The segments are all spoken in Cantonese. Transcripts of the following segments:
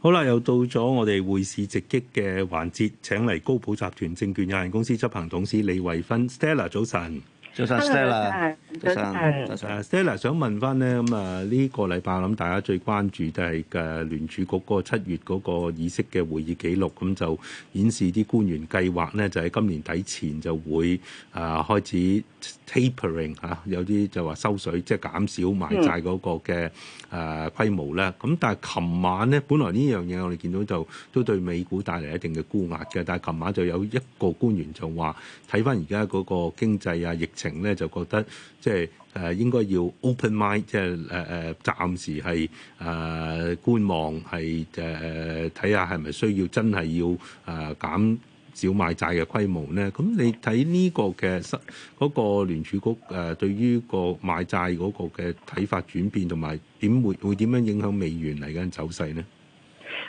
好啦，又到咗我哋匯市直擊嘅環節，請嚟高寶集團證券有限公司執行董事李慧芬，Stella 早晨。早晨，Stella。早晨，Stella，想問翻咧，咁、嗯、啊，呢、這個禮拜諗大家最關注就係嘅聯儲局嗰七月嗰個議息嘅會議記錄，咁就顯示啲官員計劃咧就喺今年底前就會啊開始 tapering 嚇、啊，有啲就話收水，即係減少買債嗰個嘅誒規模咧。咁、嗯啊、但係琴晚咧，本來呢樣嘢我哋見到就都對美股帶嚟一定嘅沽壓嘅，但係琴晚就有一個官員就話睇翻而家嗰個經濟啊疫情啊。咧就覺得即係、即係、應該要 open mind，即係誒誒暫時係誒、呃、觀望係，係睇下係咪需要真係要誒、呃、減少買債嘅規模咧，咁你睇呢個嘅嗰、嗰個聯儲局誒對於個買債嗰個嘅睇法轉變，同埋點會會點樣影響美元嚟緊走勢咧？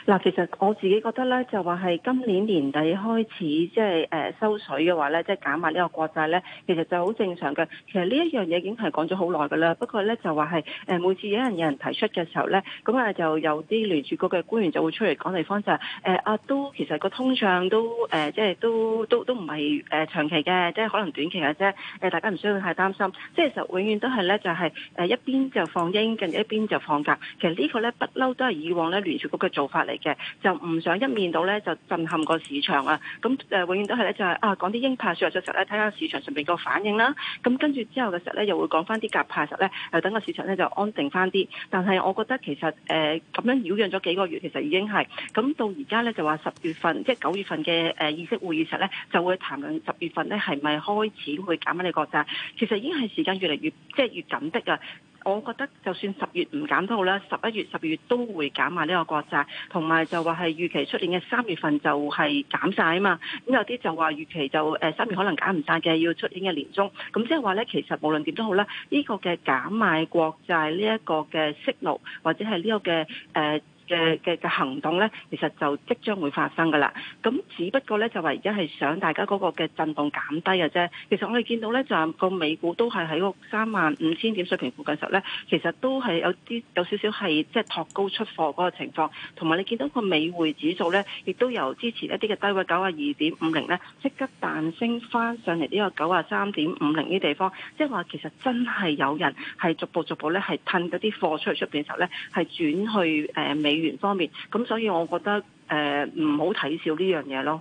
嗱，其實我自己覺得咧，就話係今年年底開始，即係誒收水嘅話咧，即係減慢呢個國債咧，其實就好正常嘅。其實呢一樣嘢已經係講咗好耐嘅啦。不過咧就話係誒每次有人有人提出嘅時候咧，咁啊就有啲聯儲局嘅官員就會出嚟講地方就係誒啊，都其實個通脹都誒、呃、即係都都都唔係誒長期嘅，即係可能短期嘅啫。誒大家唔需要太擔心。即係其實永遠都係咧就係誒一邊就放鷹，跟住一邊就放鴿。其實呢個咧不嬲都係以往咧聯儲局嘅做法。嚟嘅就唔想一面到咧就震撼個市場啊！咁誒永遠都係咧就係啊講啲鷹派嘅時候咧，睇下市場上邊個反應啦。咁跟住之後嘅時候咧又會講翻啲鴿派嘅時候咧，等個市場咧就安定翻啲。但係我覺得其實誒咁樣擾攘咗幾個月，其實已經係咁到而家咧就話十月份即係九月份嘅議息會議時咧就會談論十月份咧係咪開始會減翻你國債？其實已經係時間越嚟越即係越緊迫啊！我覺得就算十月唔減都好啦，十一月、十二月都會減埋呢個國債，同埋就話係預期出年嘅三月份就係減晒啊嘛。咁有啲就話預期就三月可能減唔晒嘅，要出年嘅年終。咁即係話咧，其實無論點都好啦，呢、呢個嘅減買國債呢一個嘅息率，或者係呢個嘅嘅嘅嘅行動咧，其實就即將會發生噶啦。咁只不過咧，就話而家係想大家嗰個嘅震動減低嘅啫。其實我哋見到咧，就個、係、美股都係喺個三萬五千點水平附近嘅時候咧，其實都係有啲有少少係即係托高出貨嗰個情況。同埋你見到個美匯指數咧，亦都由之前一啲嘅低位九啊二點五零咧，即刻彈升翻上嚟呢個九啊三點五零呢地方，即係話其實真係有人係逐步逐步咧係吞嗰啲貨出去出邊嘅時候咧，係轉去誒美元方面，咁所以我覺得誒唔好睇少呢樣嘢咯。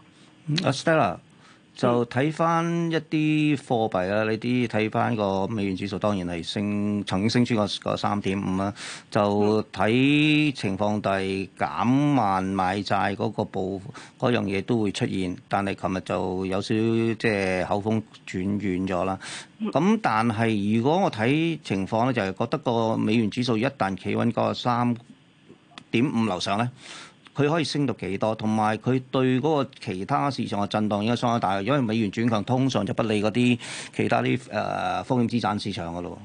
Stella 就睇翻一啲貨幣啊，嗯、你啲睇翻個美元指數，當然係升，曾經升穿過個三點五啦。就睇情況第減慢買債個個步嗰樣嘢都會出現，但係琴日就有少少即係口風轉軟咗啦。咁、嗯、但係如果我睇情況咧，就係覺得個美元指數一旦企穩個三。點五樓上咧，佢可以升到幾多？同埋佢對嗰個其他市場嘅震蕩應該相當大，因為美元轉強通常就不利嗰啲其他啲誒風險資產市場噶咯。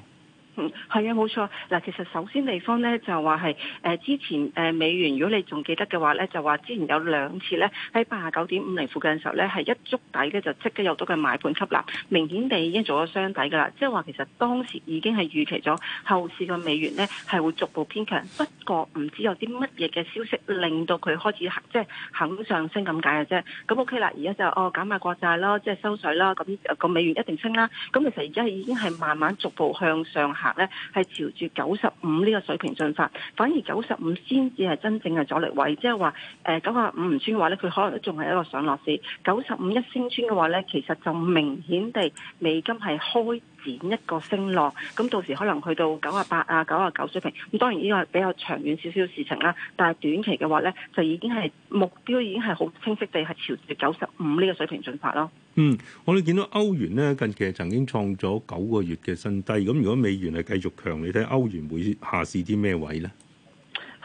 嗯，係啊，冇錯。嗱，其實首先地方咧就話係誒之前誒美元，如果你仲記得嘅話咧，就話之前有兩次咧喺八十九點五零附近嘅時候咧，係一觸底咧就即刻有到佢買盤吸納，明顯地已經做咗雙底㗎啦。即係話其實當時已經係預期咗後市嘅美元咧係會逐步偏強，不過唔知有啲乜嘢嘅消息令到佢開始即係、就是、肯上升咁解嘅啫。咁 OK 啦，而家就哦減買國債啦，即、就、係、是、收水啦，咁個美元一定升啦。咁其實而家已經係慢慢逐步向上。咧係朝住九十五呢個水平進發，反而九十五先至係真正嘅阻力位，即係話誒九十五唔穿嘅話咧，佢可能都仲係一個上落市；九十五一升穿嘅話咧，其實就明顯地美金係開展一個升浪。咁到時可能去到九啊八啊九啊九水平。咁當然呢個係比較長遠少少嘅事情啦，但係短期嘅話咧，就已經係目標已經係好清晰地係朝住九十五呢個水平進發咯。嗯，我哋見到歐元咧，近期曾經創咗九個月嘅新低。咁如果美元係繼續強，你睇歐元會下試啲咩位咧？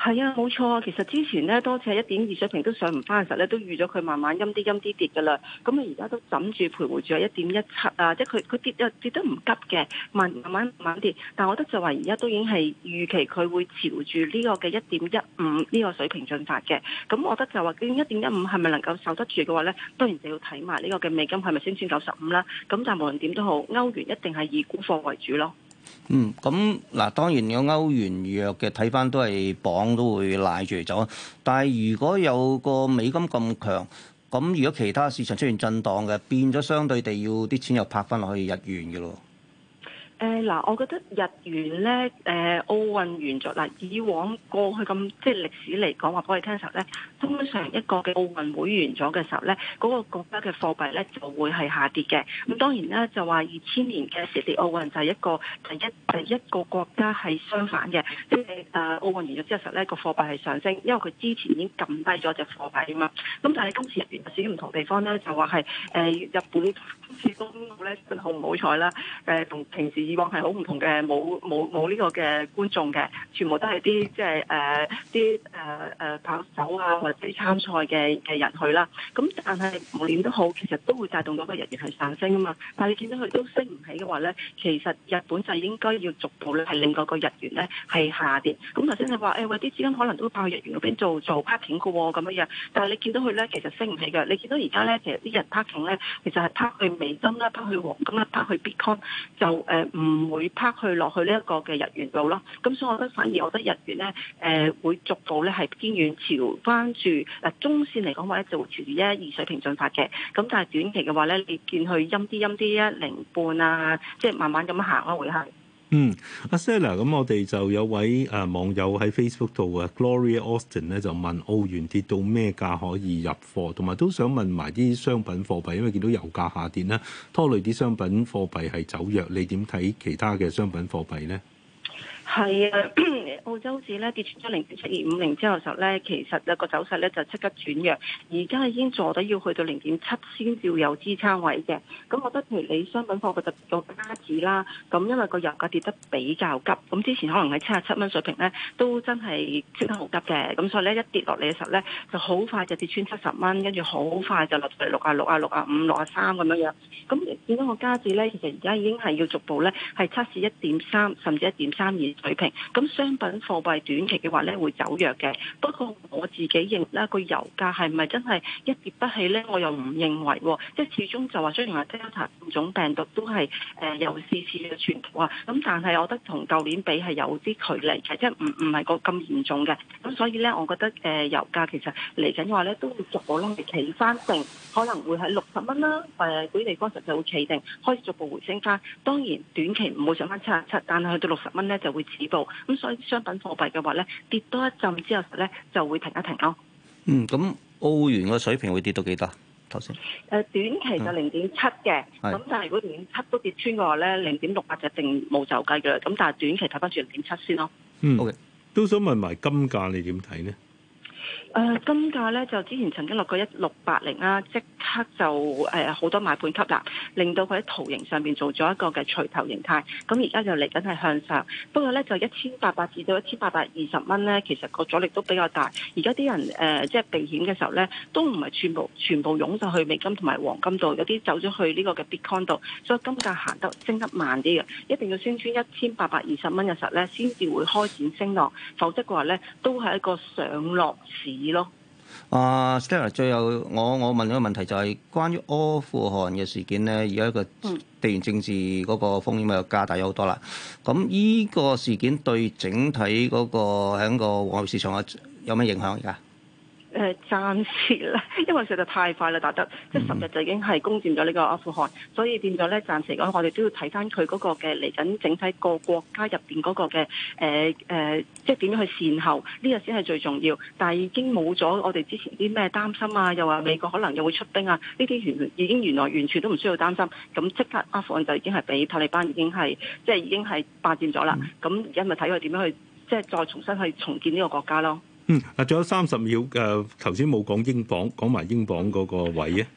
係啊，冇錯啊！其實之前咧，多次係一點二水平都上唔翻嘅時候咧，都預咗佢慢慢陰啲陰啲跌嘅啦。咁啊，而家都枕住徘徊住喺一點一七啊，即係佢佢跌又跌得唔急嘅，慢慢慢慢跌。但係我覺得就話而家都已經係預期佢會朝住呢個嘅一點一五呢個水平進發嘅。咁我覺得就話一點一五係咪能夠受得住嘅話咧，當然就要睇埋呢個嘅美金係咪升穿九十五啦。咁但係無論點都好，歐元一定係以沽貨為主咯。嗯，咁嗱，當然有歐元弱嘅，睇翻都係鎊都會賴住嚟走。但係如果有個美金咁強，咁如果其他市場出現震盪嘅，變咗相對地要啲錢又拍翻落去日元嘅咯。誒嗱、呃，我覺得日元咧，誒、呃、奧運完咗嗱、呃，以往過去咁即係歷史嚟講話俾我哋聽時候咧，通常一個嘅奧運會完咗嘅時候咧，嗰、那個國家嘅貨幣咧就會係下跌嘅。咁當然啦，就話二千年嘅雪梨奧運就係一個第一、第一個國家係相反嘅，即係誒、呃、奧運完咗之後實咧個貨幣係上升，因為佢之前已經撳低咗隻貨幣啊嘛。咁但係今次日元市唔同地方咧就話係誒日本今次公布咧好唔好彩啦，誒、呃、同平時。以往係好唔同嘅，冇冇冇呢個嘅觀眾嘅，全部都係啲即係誒啲誒誒跑手啊，或者參賽嘅嘅人去啦。咁但係無論都好，其實都會帶動到個日元係上升啊嘛。但係你見到佢都升唔起嘅話咧，其實日本就應該要逐步咧係令到個日元咧係下跌。咁頭先你話誒，喂啲資金可能都會拋去日元嗰邊做做 parking 嘅喎、哦，咁樣樣。但係你見到佢咧，其實升唔起嘅。你見到而家咧，其實啲日 parking 咧，其實係拍去美金啦、拍去黃金啦、拍去 Bitcoin 就誒。呃唔會拋去落去呢一個嘅日元度咯，咁所以我覺得反而我覺得日元咧，誒、呃、會逐步咧係偏遠朝翻住嗱中線嚟講，或者就會朝住一二水平進發嘅。咁但係短期嘅話咧，你見佢陰啲陰啲一零半啊，即係慢慢咁行咯回去。嗯，阿 Sara 咁我哋就有位網友喺 Facebook 度啊，Gloria Austin 咧就問澳元跌到咩價可以入貨，同埋都想問埋啲商品貨幣，因為見到油價下跌啦，拖累啲商品貨幣係走弱，你點睇其他嘅商品貨幣呢？係啊。澳洲市咧跌穿咗零點七二五零之後時候咧，其實咧個走勢咧就即刻轉弱，而家已經坐底，要去到零點七先至有支撐位嘅。咁我覺得譬如你商品貨嘅特別個加紙啦，咁因為個油價跌得比較急，咁之前可能係七啊七蚊水平咧，都真係即刻好急嘅。咁所以咧一跌落嚟嘅時候咧，就好快就跌穿七十蚊，跟住好快就落到嚟六啊六啊六啊五六啊三咁樣樣。咁見到個加紙咧，其實而家已經係要逐步咧係測試一點三甚至一點三二水平。咁相品貨幣短期嘅話咧會走弱嘅，不過我自己認咧，個油價係咪真係一跌不起咧？我又唔認為，即係始終就話雖然話 Delta 變種病毒都係誒有試試嘅傳播啊，咁但係我覺得同舊年比係有啲距離嘅，即係唔唔係個咁嚴重嘅，咁所以咧，我覺得誒油價其實嚟緊嘅話咧都會逐步咧係企翻定，可能會喺六十蚊啦誒嗰啲地方實就會企定，開始逐步回升翻。當然短期唔會上翻七十七，但係去到六十蚊咧就會止步，咁所以。商品貨幣嘅話咧，跌多一陣之後咧，就會停一停咯、哦。嗯，咁澳元嘅水平會跌到幾多？頭先，誒、呃、短期就零點七嘅，咁、嗯、但係如果零點七都跌穿嘅話咧，零點六八就定冇走雞嘅啦。咁但係短期睇翻住零點七先咯、哦。嗯，OK，都想問埋金價你點睇咧？誒金、呃、價咧就之前曾經落過一六八零啦，即刻就誒好、呃、多買盤吸納，令到佢喺圖形上面做咗一個嘅錘頭形態。咁而家就嚟緊係向上，不過咧就一千八百至到一千八百二十蚊咧，其實個阻力都比較大。而家啲人誒、呃、即係避險嘅時候咧，都唔係全部全部湧咗去美金同埋黃金度，有啲走咗去呢個嘅 Bitcoin 度，所以金價行得升得慢啲嘅。一定要升穿一千八百二十蚊嘅時候咧，先至會開展升浪。否則嘅話咧都係一個上落市。咯，啊、uh，Stella，最後我我問了一個問題就係關於阿富汗嘅事件咧，而家個地緣政治嗰個風險咪又加大咗好多啦。咁呢個事件對整體嗰個喺個外匯市場啊有咩影響而家？誒、呃、暫時咧，因為實在太快啦，打得，即係十日就已經係攻佔咗呢個阿富汗，所以變咗咧暫時講，我哋都要睇翻佢嗰個嘅嚟緊整體個國家入邊嗰個嘅誒、呃呃、即係點樣去善後呢？呢個先係最重要，但係已經冇咗我哋之前啲咩擔心啊，又話美國可能又會出兵啊，呢啲完已經原來完全都唔需要擔心，咁即刻阿富汗就已經係俾塔利班已經係即係已經係霸佔咗啦，咁而家咪睇佢點樣去即係再重新去重建呢個國家咯。嗯，啊，仲有三十秒嘅，頭先冇講英鎊講埋英鎊嗰個位啊。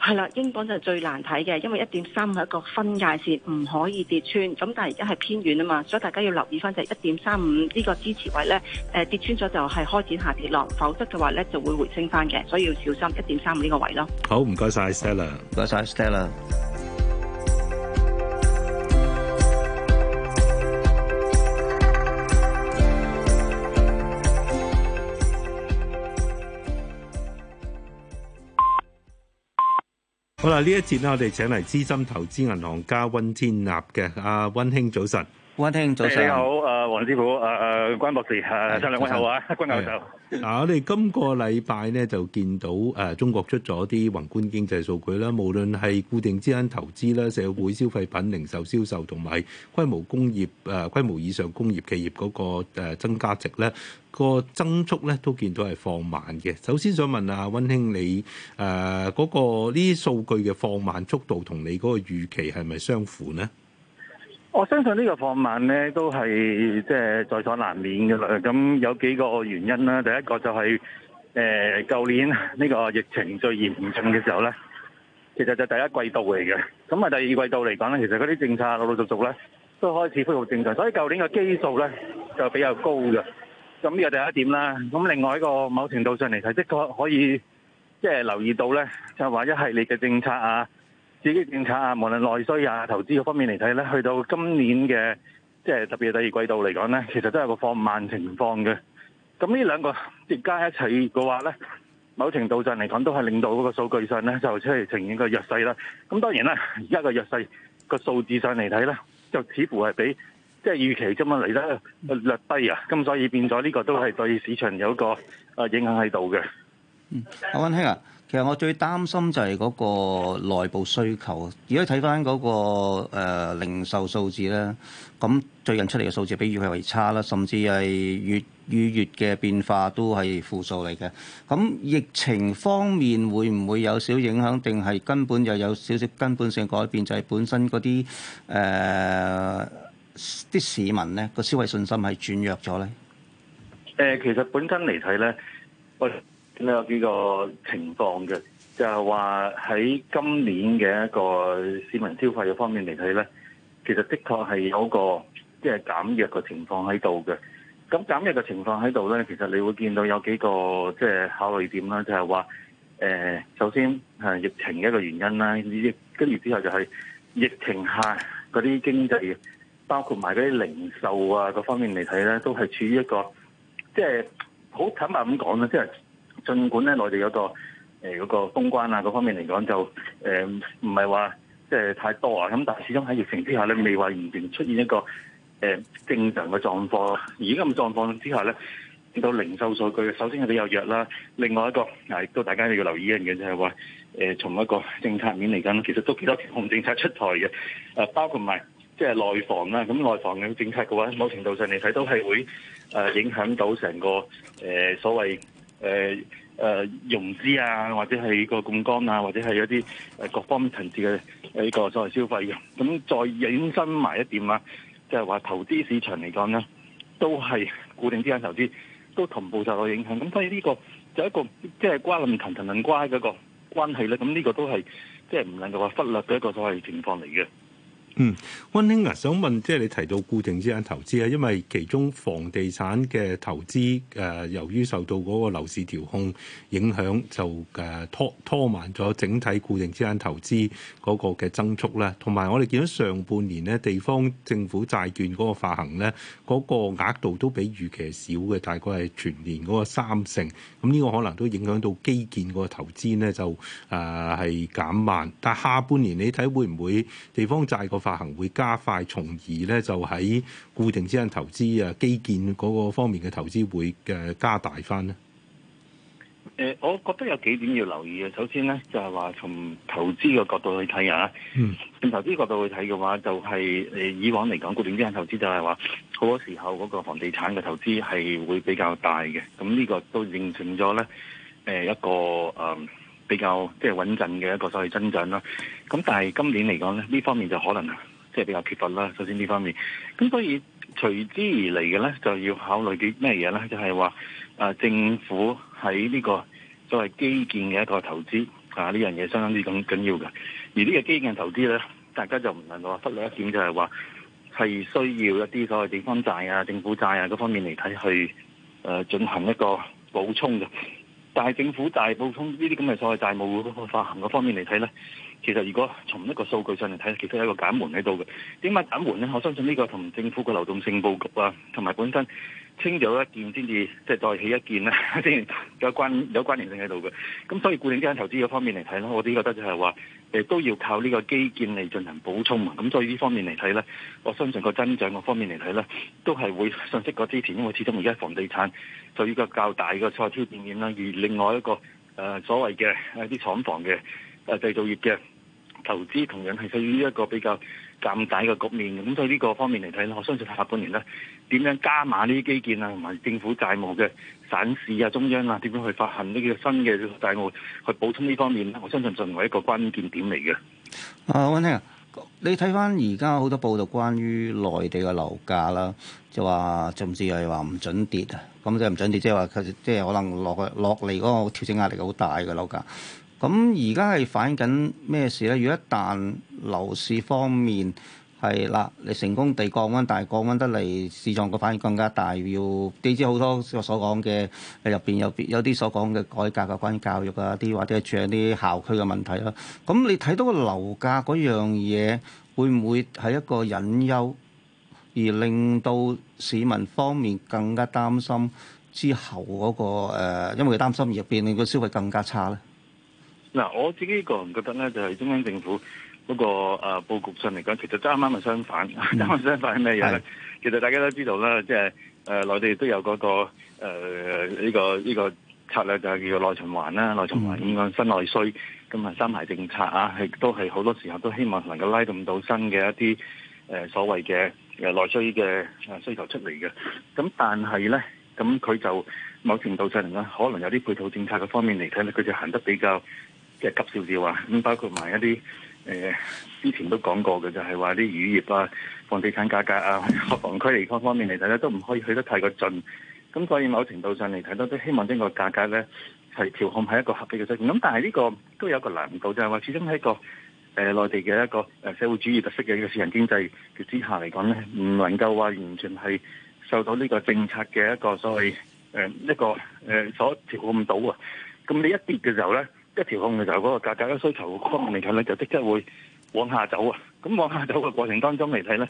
係啦，英鎊就係最難睇嘅，因為一點三五係一個分界線，唔可以跌穿，咁但係而家係偏軟啊嘛，所以大家要留意翻就係一點三五呢個支持位咧，誒跌穿咗就係開展下跌浪，否則嘅話咧就會回升翻嘅，所以要小心一點三五呢個位咯。好，唔該晒 Stella，唔該晒 Stella。好啦，呢一節呢，我哋請嚟資深投資銀行家溫天納嘅，阿温兄早晨。溫兄，早晨！你好，誒，黃師傅，誒，關博士，誒，兩位好啊，關教授。嗱，我哋今個禮拜咧就見到誒，中國出咗啲宏觀經濟數據啦，無論係固定資產投資啦、社會消費品零售銷售，同埋規模工業誒，規模以上工業企業嗰個誒增加值咧，個增速咧都見到係放慢嘅。首先想問阿溫兄，你誒嗰個呢啲數據嘅放慢速度，同你嗰個預期係咪相符呢？我相信呢個放慢咧，都係即係在所難免嘅啦。咁有幾個原因啦。第一個就係誒舊年呢個疫情最嚴重嘅時候咧，其實就第一季度嚟嘅。咁啊，第二季度嚟講咧，其實嗰啲政策陸陸續續咧都開始恢復正常，所以舊年嘅基數咧就比較高嘅。咁呢個第一點啦。咁另外一個某程度上嚟睇，的確可以即係留意到咧，就話一系列嘅政策啊。自己政策啊，無論內需啊、投資方面嚟睇咧，去到今年嘅即係特別嘅第二季度嚟講咧，其實都係個放慢情況嘅。咁呢兩個疊加一齊嘅話咧，某程度上嚟講都係令到嗰個數據上咧就出嚟呈現個弱勢啦。咁當然啦，而家個弱勢個數字上嚟睇咧，就似乎係比即係、就是、預期咁啊嚟得略低啊。咁所以變咗呢個都係對市場有個誒影響喺度嘅。阿溫兄啊，其實我最擔心就係嗰個內部需求。而家睇翻嗰個、呃、零售數字咧，咁最近出嚟嘅數字比預期為差啦，甚至係月與月嘅變化都係負數嚟嘅。咁疫情方面會唔會有少影響，定係根本又有少少根本性改變？就係、是、本身嗰啲誒啲市民咧個消費信心係轉弱咗咧？誒、呃，其實本身嚟睇咧，我。有幾個情況嘅，就係話喺今年嘅一個市民消費嘅方面嚟睇咧，其實的確係有個即係減弱嘅情況喺度嘅。咁減弱嘅情況喺度咧，其實你會見到有幾個即係考慮點啦，就係話誒，首先係疫情嘅一個原因啦。跟住之後就係疫情下嗰啲經濟，包括埋嗰啲零售啊各方面嚟睇咧，都係處於一個即係好坦白咁講咧，即係。儘管咧內地有個誒嗰、呃那個封關啊，各方面嚟講就誒唔係話即係太多啊，咁但係始終喺疫情之下咧，未話完全出現一個誒、呃、正常嘅狀況。而依家嘅狀況之下咧，呢到零售數據首先係比較弱啦。另外一個都大家要留意一樣嘢，就係話誒，從一個政策面嚟講，其實都幾多唔同政策出台嘅。誒、呃，包括埋即係內房啦。咁、啊、內房嘅政策嘅話，某程度上嚟睇都係會誒、呃、影響到成個誒、呃、所謂。誒誒、嗯嗯，融資啊，或者係個槓桿啊，或者係一啲誒各方面層次嘅呢個所謂消費嘅，咁再引申埋一點啦，即係話投資市場嚟講咧，都係固定資產投資都同步受到影響，咁所以呢個就一個即係瓜咁藤藤藤瓜嗰個關係咧，咁、這、呢個都係即係唔能夠話忽略嘅一個所謂情況嚟嘅。嗯，溫兄啊，想問即係你提到固定資產投資啊，因為其中房地產嘅投資誒、呃、由於受到嗰個樓市調控影響，就誒拖拖慢咗整體固定資產投資嗰個嘅增速咧，同埋我哋見到上半年咧，地方政府債券嗰個發行咧，嗰個額度都比預期少嘅，大概係全年嗰個三成。咁呢個可能都影響到基建個投資咧，就誒係減慢。但下半年你睇會唔會地方債個。發行會加快，從而咧就喺固定資產投資啊、基建嗰個方面嘅投資會嘅加大返咧。誒、呃，我覺得有幾點要留意嘅。首先咧就係、是、話，從投資嘅角度去睇啊。嗯。從投資角度去睇嘅話，就係誒，以往嚟講固定資產投資就係話好多時候嗰個房地產嘅投資係會比較大嘅。咁呢個都驗證咗咧，誒一個誒。呃比較即係穩陣嘅一個所謂增長啦，咁但係今年嚟講咧，呢方面就可能啊，即係比較缺乏啦。首先呢方面，咁所以隨之而嚟嘅咧，就要考慮啲咩嘢咧？就係、是、話、啊、政府喺呢個所謂基建嘅一個投資啊，呢樣嘢相當之咁緊要嘅。而呢個基建投資咧，大家就唔能夠忽略一點就，就係話係需要一啲所謂地方債啊、政府債啊嗰方面嚟睇，去、啊、誒進行一個補充嘅。大政府大部通呢啲咁嘅所謂債務發行嗰方面嚟睇咧，其實如果從一個數據上嚟睇咧，其實係一個減緩喺度嘅。點解減緩咧？我相信呢個同政府嘅流動性布局啊，同埋本身。清咗一件先至，即係再起一件啦，先有關有關聯性喺度嘅。咁所以固定資產投資嗰方面嚟睇啦，我哋覺得就係話誒都要靠呢個基建嚟進行補充。咁所以呢方面嚟睇咧，我相信個增長個方面嚟睇咧，都係會信息過之前，因為始終而家房地產就依個較大嘅賽挑戰點啦。而另外一個誒、呃、所謂嘅一啲廠房嘅誒、呃、製造業嘅投資同樣係屬於一個比較。咁大嘅局面，咁對呢個方面嚟睇咧，我相信下半年咧點樣加碼呢啲基建啊，同埋政府債務嘅省市啊、中央啊，點樣去發行呢個新嘅債務去補充呢方面，我相信仲係一個關鍵點嚟嘅。啊，溫生，你睇翻而家好多報道關於內地嘅樓價啦，就話甚至係話唔準跌啊，咁即係唔準跌，準跌就是、即係話即係可能落落嚟嗰個調整壓力好大嘅樓價。咁而家係反映緊咩事咧？如果一旦樓市方面係啦，你成功地降溫，但係降溫得嚟市況個反應更加大，要記知好多所講嘅入邊有有啲所講嘅改革啊，關於教育啊啲，或者係住喺啲校區嘅問題啦。咁你睇到個樓價嗰樣嘢，會唔會係一個隱憂，而令到市民方面更加擔心之後嗰、嗰個誒、呃，因為擔心入邊邊個消費更加差咧？嗱，我自己個人覺得咧，就係、是、中央政府嗰、那個誒佈局上嚟講，其實啱啱係相反。啱啱、嗯、 相反係咩嘢咧？是其實大家都知道啦，即係誒內地都有嗰、那個呢、呃這個呢、這個策略，就係叫做內循環啦，內循環依個新內需，咁啊三孩政策啊，係都係好多時候都希望能夠拉動到新嘅一啲誒、呃、所謂嘅誒內需嘅誒需求出嚟嘅。咁但係咧，咁佢就某程度上嚟講，可能有啲配套政策嘅方面嚟睇咧，佢就行得比較。即係急少少啊！咁包括埋一啲誒、呃，之前都講過嘅，就係話啲乳業啊、房地產價格啊、學房區嚟各方面嚟睇咧，都唔可以去得太過盡。咁所以某程度上嚟睇咧，都希望呢個價格咧係調控喺一個合理嘅水平。咁但係呢、呢個都有一個難度，就係話，始終喺一個誒、呃、內地嘅一個誒社會主義特色嘅一個市場經濟嘅之下嚟講咧，唔能夠話完全係受到呢個政策嘅一個所謂誒、呃、一個誒、呃、所調控到啊。咁你一跌嘅時候咧～一調控嘅時候，嗰、那個價格嘅需求過旺嚟講咧，就即刻會往下走啊！咁往下走嘅過程當中嚟睇咧，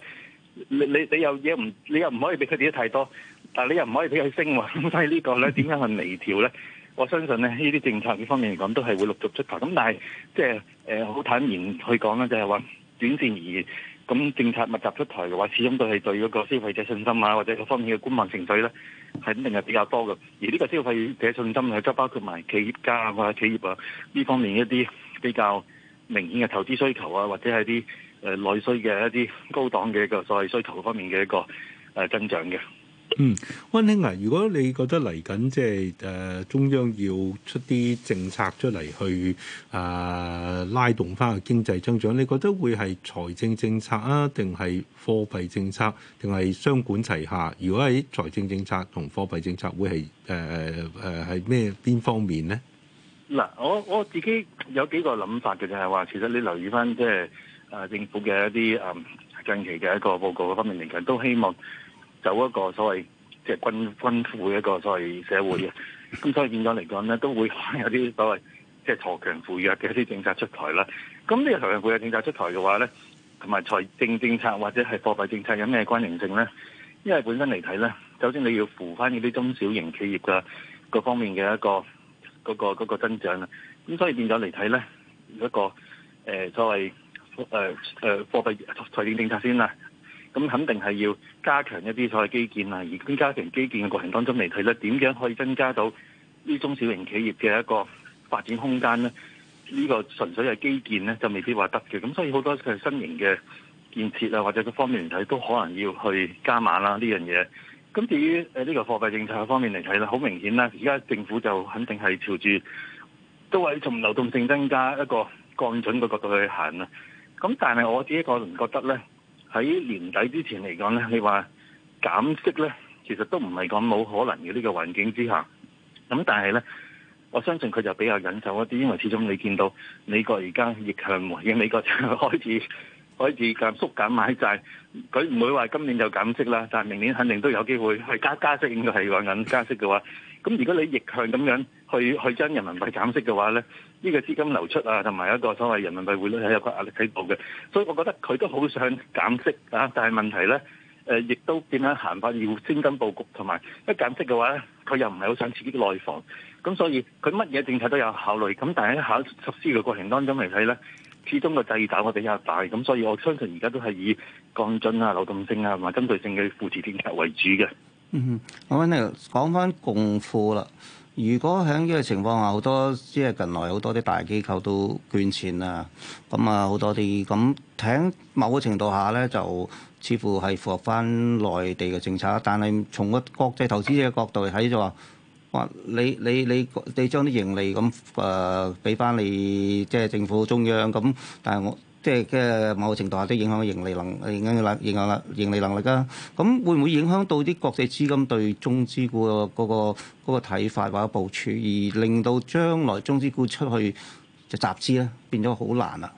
你你你又嘢唔，你又唔可以俾佢跌得太多，但係你又唔可以俾佢升喎。咁所以呢個咧點樣去微調咧？我相信咧呢啲政策呢方面嚟講都係會陸續出台。咁但係即係誒好坦然去講咧，就係、是、話、呃就是、短線而言，咁政策密集出台嘅話，始終都係對嗰個消費者信心啊，或者各方面嘅觀望情緒咧。肯定係比較多嘅，而呢個消費嘅信心係都包括埋企業家啊、企業啊呢方面一啲比較明顯嘅投資需求啊，或者係啲誒內需嘅一啲高檔嘅個所謂需求方面嘅一個誒增長嘅。嗯，溫兄啊，如果你覺得嚟緊即係誒中央要出啲政策出嚟去，誒、呃、拉動翻個經濟增長，你覺得會係財政政策啊，定係貨幣政策，定係雙管齊下？如果喺財政政策同貨幣政策會是，會係誒誒誒係咩邊方面呢？嗱，我我自己有幾個諗法嘅，就係、是、話，其實你留意翻即係誒政府嘅一啲誒近期嘅一個報告的方面嚟講，都希望。有一個所謂即係均均富嘅一個所謂社會嘅，咁所以變咗嚟講咧，都會可能有啲所謂即係鋤強扶弱嘅一啲政策出台啦。咁呢個鋤強扶弱政策出台嘅話咧，同埋財政政策或者係貨幣政策有咩關聯性咧？因為本身嚟睇咧，首先你要扶翻嗰啲中小型企業嘅各方面嘅一個嗰、嗰個、嗰個增長啊。咁所以變咗嚟睇咧，一個誒、呃、所謂誒誒貨幣財政政策先啦。咁肯定係要加強一啲所謂基建啦，而兼加強基建嘅過程當中嚟睇咧，點樣可以增加到呢中小型企業嘅一個發展空間咧？呢個純粹係基建咧，就未必話得嘅。咁所以好多佢新型嘅建設啊，或者各方面嚟睇都可能要去加碼啦呢樣嘢。咁至於誒呢個貨幣政策方面嚟睇咧，好明顯啦，而家政府就肯定係朝住都係從流動性增加一個降準嘅角度去行啦。咁但係我自己個人覺得咧。喺年底之前嚟講咧，你話減息咧，其實都唔係講冇可能嘅呢個環境之下。咁但係咧，我相信佢就比較忍受一啲，因為始終你見到美國而家逆向嘅，美國就開始開始減縮減買債，佢唔會話今年就減息啦，但係明年肯定都有機會去加加息，應該係講緊加息嘅話。咁如果你逆向咁樣去去將人民幣減息嘅話咧？呢個資金流出啊，同埋一個所謂人民幣匯率係有個壓力喺度嘅，所以我覺得佢都好想減息啊，但係問題咧，誒亦都變咗行法，要先跟佈局，同埋一減息嘅話咧，佢又唔係好想刺激內房，咁所以佢乜嘢政策都有考慮，咁但係喺考實施嘅過程當中嚟睇咧，始終個掣肘我比較大，咁所以我相信而家都係以降準啊、流動性啊同埋針對性嘅扶持政策為主嘅。嗯哼，咁呢講翻共富啦。如果喺呢個情況下，好多即係近來好多啲大機構都捐錢啊，咁啊好多啲咁，喺某個程度下咧，就似乎係符合翻內地嘅政策。但係從個國際投資者嘅角度嚟睇，呃，就話：哇，你你你你將啲盈利咁誒俾翻你即係政府中央咁，但係我。即係嘅某程度下都影響盈利能，影響能，影響啦盈利能力啦。咁會唔會影響到啲國際資金對中資股、嗰個嗰、嗰個睇法或者部署，而令到將來中資股出去就集資咧，變咗好難啦。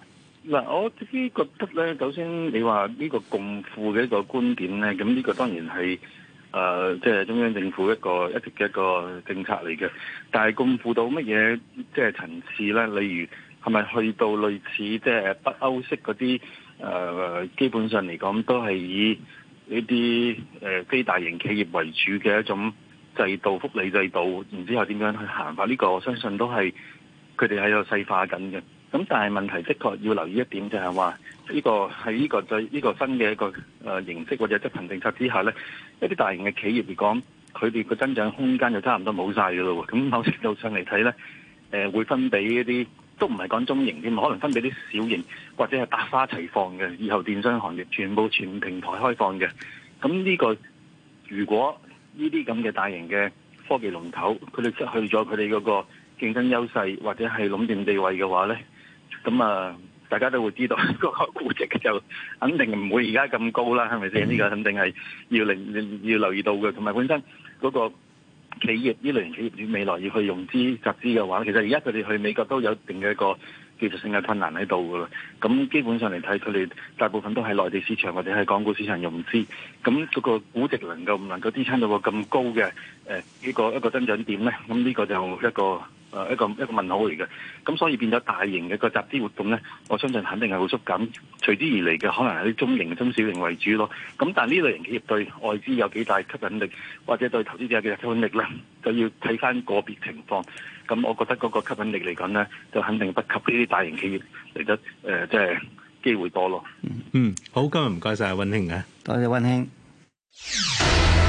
嗱，我自己覺得咧，首先你話呢個共富嘅一個觀點咧，咁呢個當然係誒，即、呃、係、即係、中央政府一個一直嘅一個政策嚟嘅。但係共富到乜嘢即係層次咧？例如。係咪去到類似即係北歐式嗰啲？誒、呃，基本上嚟講都係以呢啲誒非大型企業為主嘅一種制度、福利制度，然之後點樣去行法？呢、這個我相信都係佢哋喺度細化緊嘅。咁但係問題，的確要留意一點，就係話呢個喺呢、這個在呢、這個新嘅一個誒、呃、形式或者是執行政策之下呢，一啲大型嘅企業嚟講，佢哋個增長空間就差唔多冇晒嘅咯喎。咁某程度上嚟睇呢，誒、呃、會分俾一啲。都唔係講中型添，可能分俾啲小型或者係百花齊放嘅。以後電商行業全部全平台開放嘅，咁呢、這個如果呢啲咁嘅大型嘅科技龍頭，佢哋失去咗佢哋嗰個競爭優勢或者係壟斷地位嘅話呢，咁啊大家都會知道、嗰個估值就肯定唔會而家咁高啦，係咪先？呢、嗯、個肯定係要令要留意到嘅，同埋本身嗰、嗰個。企業呢類型企業，佢未來要去融資集資嘅話，其實而家佢哋去美國都有一定嘅一個。技術性嘅困難喺度噶啦，咁基本上嚟睇，佢哋大部分都係內地市場或者係港股市場融資，咁、那、嗰個估值能夠唔能夠支撐到個咁高嘅誒一個一個增長點咧？咁呢個就一個、呃、一個一個問號嚟嘅。咁所以變咗大型嘅、嗰個集資活動咧，我相信肯定係好縮減，隨之而嚟嘅可能係啲中型中小型為主咯。咁但係呢類型企業對外資有幾大吸引力，或者對投資者嘅吸引力咧，就要睇翻個別情況。咁我覺得嗰個吸引力嚟講咧，就肯定不及呢啲大型企業嚟得誒，即係機會多咯，嗯。嗯，好，今日唔該曬，温生啊，多謝温生。